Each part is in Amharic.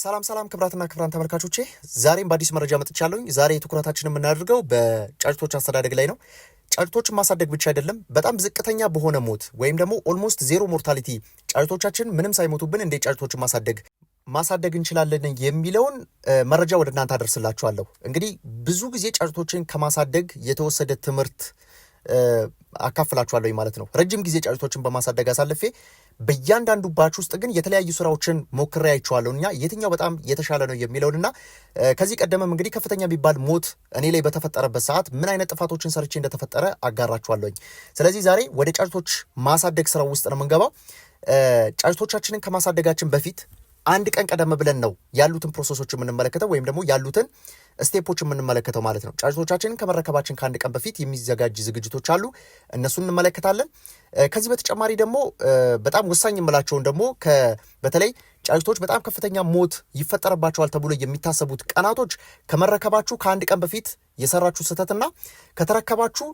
ሰላም ሰላም ክብራትና ክብራን ተመልካቾቼ ዛሬም በአዲስ መረጃ መጥቻለሁኝ። ዛሬ ትኩረታችን የምናደርገው በጫጭቶች አስተዳደግ ላይ ነው። ጫጭቶችን ማሳደግ ብቻ አይደለም፣ በጣም ዝቅተኛ በሆነ ሞት ወይም ደግሞ ኦልሞስት ዜሮ ሞርታሊቲ ጫጭቶቻችን ምንም ሳይሞቱብን እንዴት ጫጭቶችን ማሳደግ ማሳደግ እንችላለን የሚለውን መረጃ ወደ እናንተ አደርስላችኋለሁ። እንግዲህ ብዙ ጊዜ ጫጭቶችን ከማሳደግ የተወሰደ ትምህርት አካፍላችኋለሁ ማለት ነው። ረጅም ጊዜ ጫጭቶችን በማሳደግ አሳልፌ በእያንዳንዱ ባች ውስጥ ግን የተለያዩ ስራዎችን ሞክሬ አይቼዋለሁ እኛ የትኛው በጣም የተሻለ ነው የሚለውንና ከዚህ ቀደምም እንግዲህ ከፍተኛ የሚባል ሞት እኔ ላይ በተፈጠረበት ሰዓት ምን አይነት ጥፋቶችን ሰርቼ እንደተፈጠረ አጋራችኋለሁኝ። ስለዚህ ዛሬ ወደ ጫጭቶች ማሳደግ ስራው ውስጥ ነው የምንገባው። ጫጭቶቻችንን ከማሳደጋችን በፊት አንድ ቀን ቀደም ብለን ነው ያሉትን ፕሮሰሶች የምንመለከተው ወይም ደግሞ ያሉትን ስቴፖች የምንመለከተው ማለት ነው። ጫጭቶቻችንን ከመረከባችን ከአንድ ቀን በፊት የሚዘጋጅ ዝግጅቶች አሉ፣ እነሱን እንመለከታለን። ከዚህ በተጨማሪ ደግሞ በጣም ወሳኝ የምላቸውን ደግሞ በተለይ ጫጭቶች በጣም ከፍተኛ ሞት ይፈጠረባቸዋል ተብሎ የሚታሰቡት ቀናቶች ከመረከባችሁ ከአንድ ቀን በፊት የሰራችሁ ስህተትና ከተረከባችሁ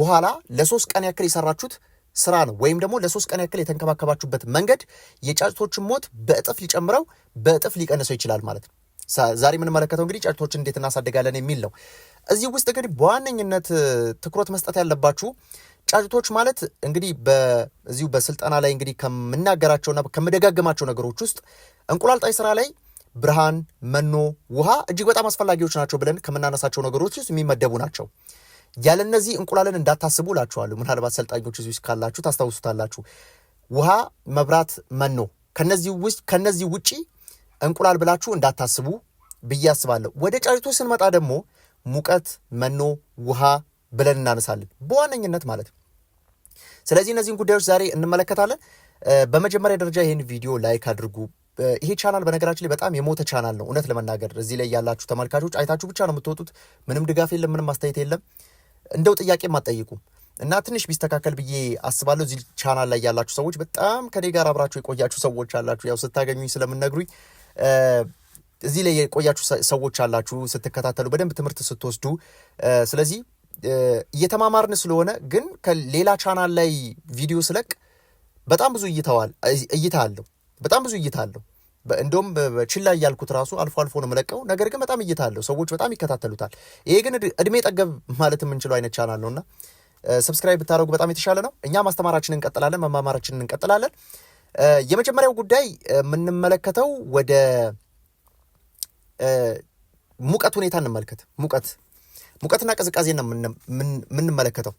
በኋላ ለሶስት ቀን ያክል የሰራችሁት ስራ ነው ወይም ደግሞ ለሶስት ቀን ያክል የተንከባከባችሁበት መንገድ የጫጭቶችን ሞት በእጥፍ ሊጨምረው በእጥፍ ሊቀንሰው ይችላል ማለት ነው። ዛሬ የምንመለከተው እንግዲህ ጫጭቶችን እንዴት እናሳድጋለን የሚል ነው። እዚህ ውስጥ እንግዲህ በዋነኝነት ትኩረት መስጠት ያለባችሁ ጫጭቶች ማለት እንግዲህ በዚሁ በስልጠና ላይ እንግዲህ ከምናገራቸውና ከምደጋገማቸው ነገሮች ውስጥ እንቁላል ጣይ ስራ ላይ ብርሃን፣ መኖ፣ ውሃ እጅግ በጣም አስፈላጊዎች ናቸው ብለን ከምናነሳቸው ነገሮች ውስጥ የሚመደቡ ናቸው። ያለ እነዚህ እንቁላልን እንዳታስቡ እላችኋለሁ። ምናልባት ሰልጣኞች እዚህ ካላችሁ ታስታውሱታላችሁ። ውሃ፣ መብራት፣ መኖ ከነዚህ ውጪ እንቁላል ብላችሁ እንዳታስቡ ብዬ አስባለሁ። ወደ ጨሪቱ ስንመጣ ደግሞ ሙቀት፣ መኖ፣ ውሃ ብለን እናነሳለን በዋነኝነት ማለት ነው። ስለዚህ እነዚህን ጉዳዮች ዛሬ እንመለከታለን። በመጀመሪያ ደረጃ ይህን ቪዲዮ ላይክ አድርጉ። ይሄ ቻናል በነገራችን ላይ በጣም የሞተ ቻናል ነው። እውነት ለመናገር እዚህ ላይ ያላችሁ ተመልካቾች አይታችሁ ብቻ ነው የምትወጡት። ምንም ድጋፍ የለም፣ ምንም አስተያየት የለም። እንደው ጥያቄ ማጠይቁ እና ትንሽ ቢስተካከል ብዬ አስባለሁ። እዚህ ቻናል ላይ ያላችሁ ሰዎች በጣም ከኔ ጋር አብራችሁ የቆያችሁ ሰዎች አላችሁ። ያው ስታገኙኝ ስለምነግሩኝ እዚህ ላይ የቆያችሁ ሰዎች አላችሁ ስትከታተሉ በደንብ ትምህርት ስትወስዱ። ስለዚህ እየተማማርን ስለሆነ ግን ከሌላ ቻናል ላይ ቪዲዮ ስለቅ በጣም ብዙ እይታ አለው። በጣም ብዙ እይታ አለው። እንደውም ችላ እያልኩት ራሱ አልፎ አልፎ ነው መለቀው። ነገር ግን በጣም እይታ አለው፣ ሰዎች በጣም ይከታተሉታል። ይሄ ግን እድሜ ጠገብ ማለት የምንችለው አይነት ቻናል እና ሰብስክራይብ ብታደረጉ በጣም የተሻለ ነው። እኛ ማስተማራችንን እንቀጥላለን፣ መማማራችንን እንቀጥላለን። የመጀመሪያው ጉዳይ የምንመለከተው ወደ ሙቀት ሁኔታ እንመልከት። ሙቀት ሙቀትና ቅዝቃዜ ነው የምንመለከተው።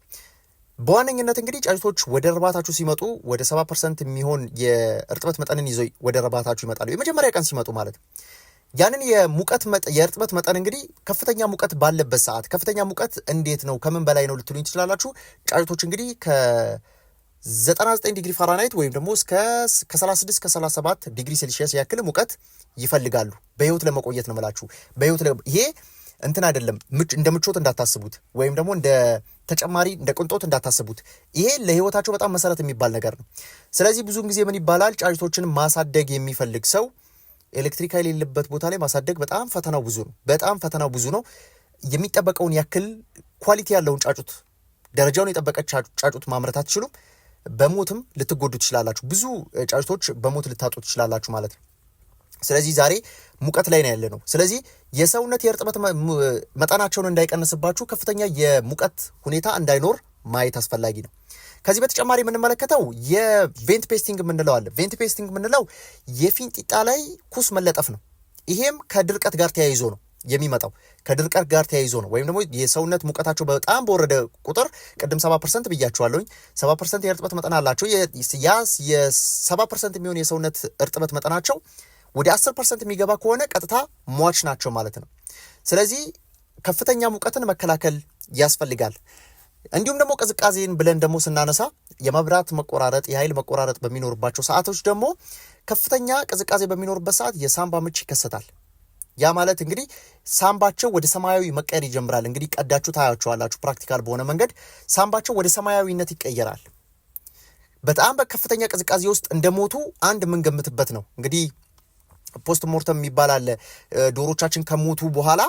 በዋነኝነት እንግዲህ ጫጩቶች ወደ እርባታችሁ ሲመጡ ወደ 7 ፐርሰንት የሚሆን የእርጥበት መጠንን ይዘው ወደ እርባታችሁ ይመጣሉ። የመጀመሪያ ቀን ሲመጡ ማለት ያንን የሙቀት የእርጥበት መጠን እንግዲህ ከፍተኛ ሙቀት ባለበት ሰዓት ከፍተኛ ሙቀት እንዴት ነው ከምን በላይ ነው ልትሉኝ ትችላላችሁ። ጫጩቶች እንግዲህ ከ99 ዲግሪ ፋራናይት ወይም ደግሞ እስከ ከ36 እስከ 37 ዲግሪ ሴልሺየስ ያክል ሙቀት ይፈልጋሉ። በህይወት ለመቆየት ነው ምላችሁ። በህይወት ይሄ እንትን አይደለም እንደ ምቾት እንዳታስቡት፣ ወይም ደግሞ እንደ ተጨማሪ እንደ ቅንጦት እንዳታስቡት። ይሄ ለህይወታቸው በጣም መሰረት የሚባል ነገር ነው። ስለዚህ ብዙውን ጊዜ ምን ይባላል፣ ጫጭቶችን ማሳደግ የሚፈልግ ሰው ኤሌክትሪክ ኃይል የሌለበት ቦታ ላይ ማሳደግ በጣም ፈተናው ብዙ ነው። በጣም ፈተናው ብዙ ነው። የሚጠበቀውን ያክል ኳሊቲ ያለውን ጫጩት፣ ደረጃውን የጠበቀ ጫጩት ማምረት አትችሉም። በሞትም ልትጎዱ ትችላላችሁ። ብዙ ጫጩቶች በሞት ልታጡ ትችላላችሁ ማለት ነው። ስለዚህ ዛሬ ሙቀት ላይ ነው ያለ ነው። ስለዚህ የሰውነት የእርጥበት መጠናቸውን እንዳይቀንስባችሁ ከፍተኛ የሙቀት ሁኔታ እንዳይኖር ማየት አስፈላጊ ነው። ከዚህ በተጨማሪ የምንመለከተው የቬንት ፔስቲንግ የምንለው አለ። ቬንት ፔስቲንግ የምንለው የፊንጢጣ ላይ ኩስ መለጠፍ ነው። ይሄም ከድርቀት ጋር ተያይዞ ነው የሚመጣው ከድርቀት ጋር ተያይዞ ነው። ወይም ደግሞ የሰውነት ሙቀታቸው በጣም በወረደ ቁጥር ቅድም ሰባ ፐርሰንት ብያችኋለሁኝ። ሰባ ፐርሰንት የእርጥበት መጠን አላቸው። ያ የሰባ ፐርሰንት የሚሆን የሰውነት እርጥበት መጠናቸው ወደ 10 ፐርሰንት የሚገባ ከሆነ ቀጥታ ሟች ናቸው ማለት ነው። ስለዚህ ከፍተኛ ሙቀትን መከላከል ያስፈልጋል። እንዲሁም ደግሞ ቅዝቃዜን ብለን ደግሞ ስናነሳ የመብራት መቆራረጥ፣ የኃይል መቆራረጥ በሚኖርባቸው ሰዓቶች ደግሞ ከፍተኛ ቅዝቃዜ በሚኖርበት ሰዓት የሳምባ ምች ይከሰታል። ያ ማለት እንግዲህ ሳምባቸው ወደ ሰማያዊ መቀየር ይጀምራል። እንግዲህ ቀዳችሁ ታያችኋላችሁ። ፕራክቲካል በሆነ መንገድ ሳምባቸው ወደ ሰማያዊነት ይቀየራል። በጣም በከፍተኛ ቅዝቃዜ ውስጥ እንደሞቱ አንድ የምንገምትበት ነው። እንግዲህ ፖስት ሞርተም የሚባል አለ። ዶሮቻችን ከሞቱ በኋላ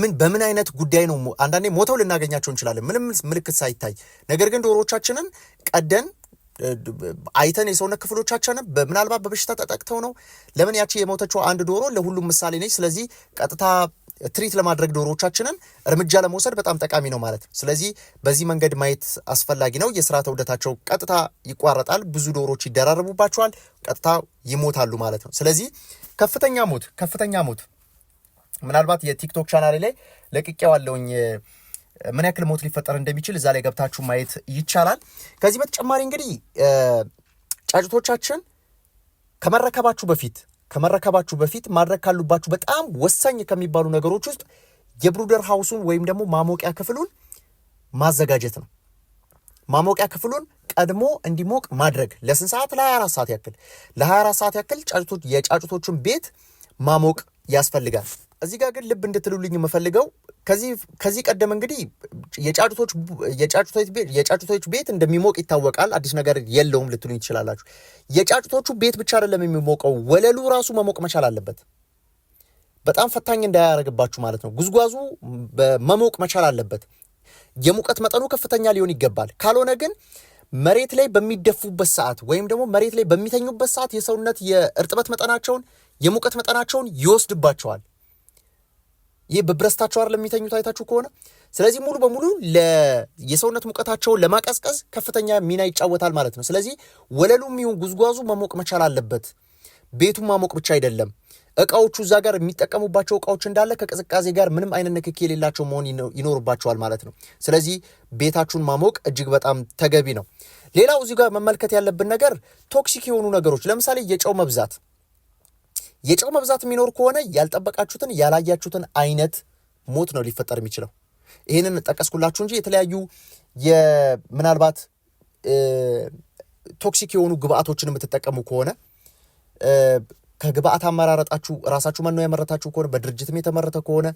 ምን በምን አይነት ጉዳይ ነው አንዳንዴ ሞተው ልናገኛቸው እንችላለን፣ ምንም ምልክት ሳይታይ። ነገር ግን ዶሮቻችንን ቀደን አይተን የሰውነት ክፍሎቻችንን ምናልባት በበሽታ ተጠቅተው ነው። ለምን ያቺ የሞተችው አንድ ዶሮ ለሁሉም ምሳሌ ነች። ስለዚህ ቀጥታ ትሪት ለማድረግ ዶሮዎቻችንን እርምጃ ለመውሰድ በጣም ጠቃሚ ነው ማለት ነው። ስለዚህ በዚህ መንገድ ማየት አስፈላጊ ነው። የስርዓተ ውደታቸው ቀጥታ ይቋረጣል። ብዙ ዶሮዎች ይደራረቡባቸዋል፣ ቀጥታ ይሞታሉ ማለት ነው። ስለዚህ ከፍተኛ ሞት ከፍተኛ ሞት ምናልባት የቲክቶክ ቻናሌ ላይ ለቅቄዋለሁኝ ምን ያክል ሞት ሊፈጠር እንደሚችል እዛ ላይ ገብታችሁ ማየት ይቻላል። ከዚህ በተጨማሪ እንግዲህ ጫጭቶቻችን ከመረከባችሁ በፊት ከመረከባችሁ በፊት ማድረግ ካሉባችሁ በጣም ወሳኝ ከሚባሉ ነገሮች ውስጥ የብሩደር ሀውሱን ወይም ደግሞ ማሞቂያ ክፍሉን ማዘጋጀት ነው። ማሞቂያ ክፍሉን ቀድሞ እንዲሞቅ ማድረግ ለስንት ሰዓት? ለ24 ሰዓት ያክል ለ24 ሰዓት ያክል የጫጩቶቹን ቤት ማሞቅ ያስፈልጋል። እዚህ ጋር ግን ልብ እንድትሉልኝ የምፈልገው ከዚህ ቀደም እንግዲህ የጫጩቶች ቤት እንደሚሞቅ ይታወቃል። አዲስ ነገር የለውም ልትሉኝ ትችላላችሁ። የጫጩቶቹ ቤት ብቻ አይደለም የሚሞቀው፣ ወለሉ ራሱ መሞቅ መቻል አለበት። በጣም ፈታኝ እንዳያደርግባችሁ ማለት ነው። ጉዝጓዙ መሞቅ መቻል አለበት። የሙቀት መጠኑ ከፍተኛ ሊሆን ይገባል። ካልሆነ ግን መሬት ላይ በሚደፉበት ሰዓት ወይም ደግሞ መሬት ላይ በሚተኙበት ሰዓት የሰውነት የእርጥበት መጠናቸውን የሙቀት መጠናቸውን ይወስድባቸዋል። ይህ በብረስታቸው አር ለሚተኙት አይታችሁ ከሆነ ስለዚህ ሙሉ በሙሉ የሰውነት ሙቀታቸውን ለማቀዝቀዝ ከፍተኛ ሚና ይጫወታል ማለት ነው። ስለዚህ ወለሉ የሚሆን ጉዝጓዙ መሞቅ መቻል አለበት። ቤቱ ማሞቅ ብቻ አይደለም። እቃዎቹ እዛ ጋር የሚጠቀሙባቸው እቃዎች እንዳለ ከቅዝቃዜ ጋር ምንም አይነት ንክኪ የሌላቸው መሆን ይኖርባቸዋል ማለት ነው። ስለዚህ ቤታችሁን ማሞቅ እጅግ በጣም ተገቢ ነው። ሌላው እዚህ ጋር መመልከት ያለብን ነገር ቶክሲክ የሆኑ ነገሮች ለምሳሌ የጨው መብዛት የጨው መብዛት የሚኖር ከሆነ ያልጠበቃችሁትን ያላያችሁትን አይነት ሞት ነው ሊፈጠር የሚችለው። ይህንን ጠቀስኩላችሁ እንጂ የተለያዩ ምናልባት ቶክሲክ የሆኑ ግብአቶችን የምትጠቀሙ ከሆነ ከግብአት አመራረጣችሁ ራሳችሁ መኖ ያመረታችሁ ከሆነ በድርጅትም የተመረተ ከሆነ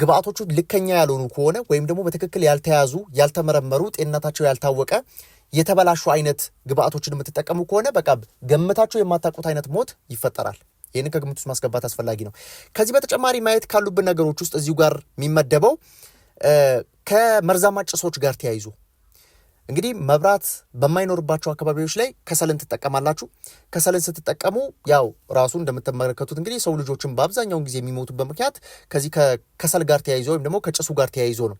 ግብአቶቹ ልከኛ ያልሆኑ ከሆነ ወይም ደግሞ በትክክል ያልተያዙ፣ ያልተመረመሩ፣ ጤንነታቸው ያልታወቀ የተበላሹ አይነት ግብአቶችን የምትጠቀሙ ከሆነ በቃ ገምታችሁ የማታውቁት አይነት ሞት ይፈጠራል። ይህን ከግምት ውስጥ ማስገባት አስፈላጊ ነው። ከዚህ በተጨማሪ ማየት ካሉብን ነገሮች ውስጥ እዚሁ ጋር የሚመደበው ከመርዛማ ጭሶች ጋር ተያይዞ እንግዲህ መብራት በማይኖርባቸው አካባቢዎች ላይ ከሰልን ትጠቀማላችሁ። ከሰልን ስትጠቀሙ ያው ራሱ እንደምትመለከቱት እንግዲህ ሰው ልጆችን በአብዛኛውን ጊዜ የሚሞቱበት ምክንያት ከዚህ ከሰል ጋር ተያይዞ ወይም ደግሞ ከጭሱ ጋር ተያይዞ ነው።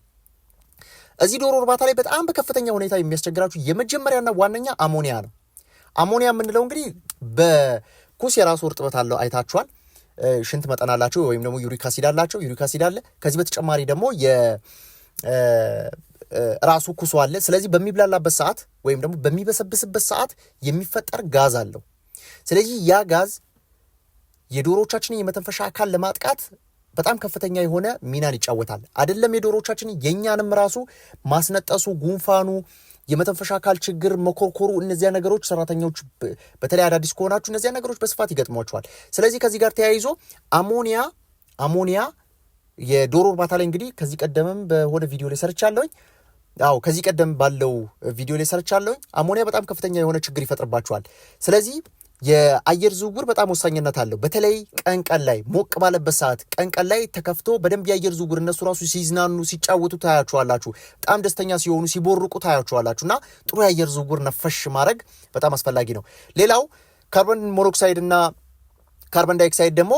እዚህ ዶሮ እርባታ ላይ በጣም በከፍተኛ ሁኔታ የሚያስቸግራችሁ የመጀመሪያና ዋነኛ አሞኒያ ነው። አሞኒያ የምንለው እንግዲህ ኩስ የራሱ እርጥበት አለው አይታችኋል። ሽንት መጠን አላቸው ወይም ደግሞ ዩሪክ አሲድ አላቸው። ዩሪክ አሲድ አለ። ከዚህ በተጨማሪ ደግሞ ራሱ ኩሱ አለ። ስለዚህ በሚብላላበት ሰዓት ወይም ደግሞ በሚበሰብስበት ሰዓት የሚፈጠር ጋዝ አለው። ስለዚህ ያ ጋዝ የዶሮቻችንን የመተንፈሻ አካል ለማጥቃት በጣም ከፍተኛ የሆነ ሚናን ይጫወታል። አይደለም የዶሮቻችን የእኛንም ራሱ ማስነጠሱ፣ ጉንፋኑ፣ የመተንፈሻ አካል ችግር መኮርኮሩ፣ እነዚያ ነገሮች ሰራተኞች በተለይ አዳዲስ ከሆናችሁ እነዚያ ነገሮች በስፋት ይገጥሟቸዋል። ስለዚህ ከዚህ ጋር ተያይዞ አሞኒያ አሞኒያ የዶሮ እርባታ ላይ እንግዲህ ከዚህ ቀደምም በሆነ ቪዲዮ ላይ ሰርቻለሁኝ። አዎ ከዚህ ቀደም ባለው ቪዲዮ ላይ ሰርቻለሁኝ። አሞኒያ በጣም ከፍተኛ የሆነ ችግር ይፈጥርባቸዋል። ስለዚህ የአየር ዝውውር በጣም ወሳኝነት አለው። በተለይ ቀን ቀን ላይ ሞቅ ባለበት ሰዓት ቀን ቀን ላይ ተከፍቶ በደንብ የአየር ዝውውር እነሱ ራሱ ሲዝናኑ ሲጫወቱ ታያችኋላችሁ። በጣም ደስተኛ ሲሆኑ ሲቦርቁ ታያችኋላችሁ። እና ጥሩ የአየር ዝውውር ነፈሽ ማድረግ በጣም አስፈላጊ ነው። ሌላው ካርቦን ሞኖክሳይድ እና ካርቦን ዳይኦክሳይድ ደግሞ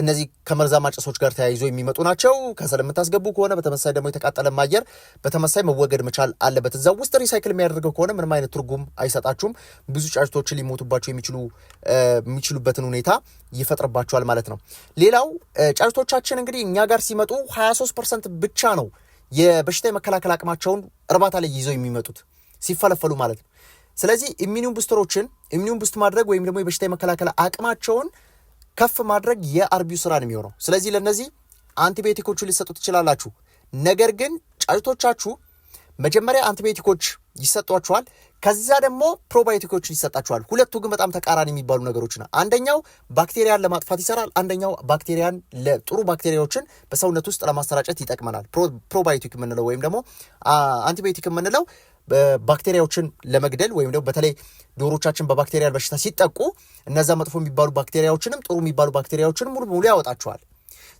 እነዚህ ከመርዛማ ጭሶች ጋር ተያይዞ የሚመጡ ናቸው። ከሰል የምታስገቡ ከሆነ በተመሳሳይ ደግሞ የተቃጠለ አየር በተመሳሳይ መወገድ መቻል አለበት። እዛ ውስጥ ሪሳይክል የሚያደርገው ከሆነ ምንም አይነት ትርጉም አይሰጣችሁም። ብዙ ጫጭቶች ሊሞቱባቸው የሚችሉበትን ሁኔታ ይፈጥርባቸዋል ማለት ነው። ሌላው ጫጭቶቻችን እንግዲህ እኛ ጋር ሲመጡ 23 ፐርሰንት ብቻ ነው የበሽታ የመከላከል አቅማቸውን እርባታ ላይ ይዘው የሚመጡት ሲፈለፈሉ ማለት ነው። ስለዚህ ኢሚኒን ቡስተሮችን ኢሚኒን ቡስት ማድረግ ወይም ደግሞ የበሽታ የመከላከል አቅማቸውን ከፍ ማድረግ የአርቢው ስራ ነው የሚሆነው። ስለዚህ ለእነዚህ አንቲቢዮቲኮቹ ሊሰጡ ትችላላችሁ። ነገር ግን ጫጭቶቻችሁ መጀመሪያ አንቲባዮቲኮች ይሰጧችኋል። ከዛ ደግሞ ፕሮባዮቲኮች ይሰጣችኋል። ሁለቱ ግን በጣም ተቃራኒ የሚባሉ ነገሮች ነው። አንደኛው ባክቴሪያን ለማጥፋት ይሰራል። አንደኛው ባክቴሪያን ለጥሩ ባክቴሪያዎችን በሰውነት ውስጥ ለማሰራጨት ይጠቅመናል። ፕሮባዮቲክ የምንለው ወይም ደግሞ አንቲቢዮቲክ የምንለው ባክቴሪያዎችን ለመግደል ወይም ደግሞ በተለይ ዶሮቻችን በባክቴሪያል በሽታ ሲጠቁ እነዛ መጥፎ የሚባሉ ባክቴሪያዎችንም ጥሩ የሚባሉ ባክቴሪያዎችን ሙሉ በሙሉ ያወጣቸዋል።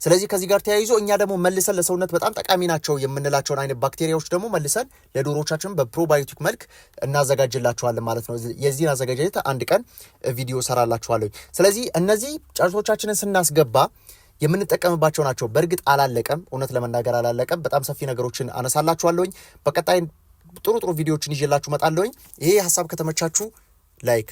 ስለዚህ ከዚህ ጋር ተያይዞ እኛ ደግሞ መልሰን ለሰውነት በጣም ጠቃሚ ናቸው የምንላቸውን አይነት ባክቴሪያዎች ደግሞ መልሰን ለዶሮቻችን በፕሮባዮቲክ መልክ እናዘጋጅላቸዋለን ማለት ነው። የዚህን አዘጋጃጀት አንድ ቀን ቪዲዮ ሰራላችኋለሁ። ስለዚህ እነዚህ ጨርሶቻችንን ስናስገባ የምንጠቀምባቸው ናቸው። በእርግጥ አላለቀም፣ እውነት ለመናገር አላለቀም። በጣም ሰፊ ነገሮችን አነሳላችኋለሁኝ በቀጣይ ጥሩ ጥሩ ቪዲዮዎችን ይዤላችሁ መጣለሁኝ። ይሄ ሀሳብ ከተመቻችሁ ላይክ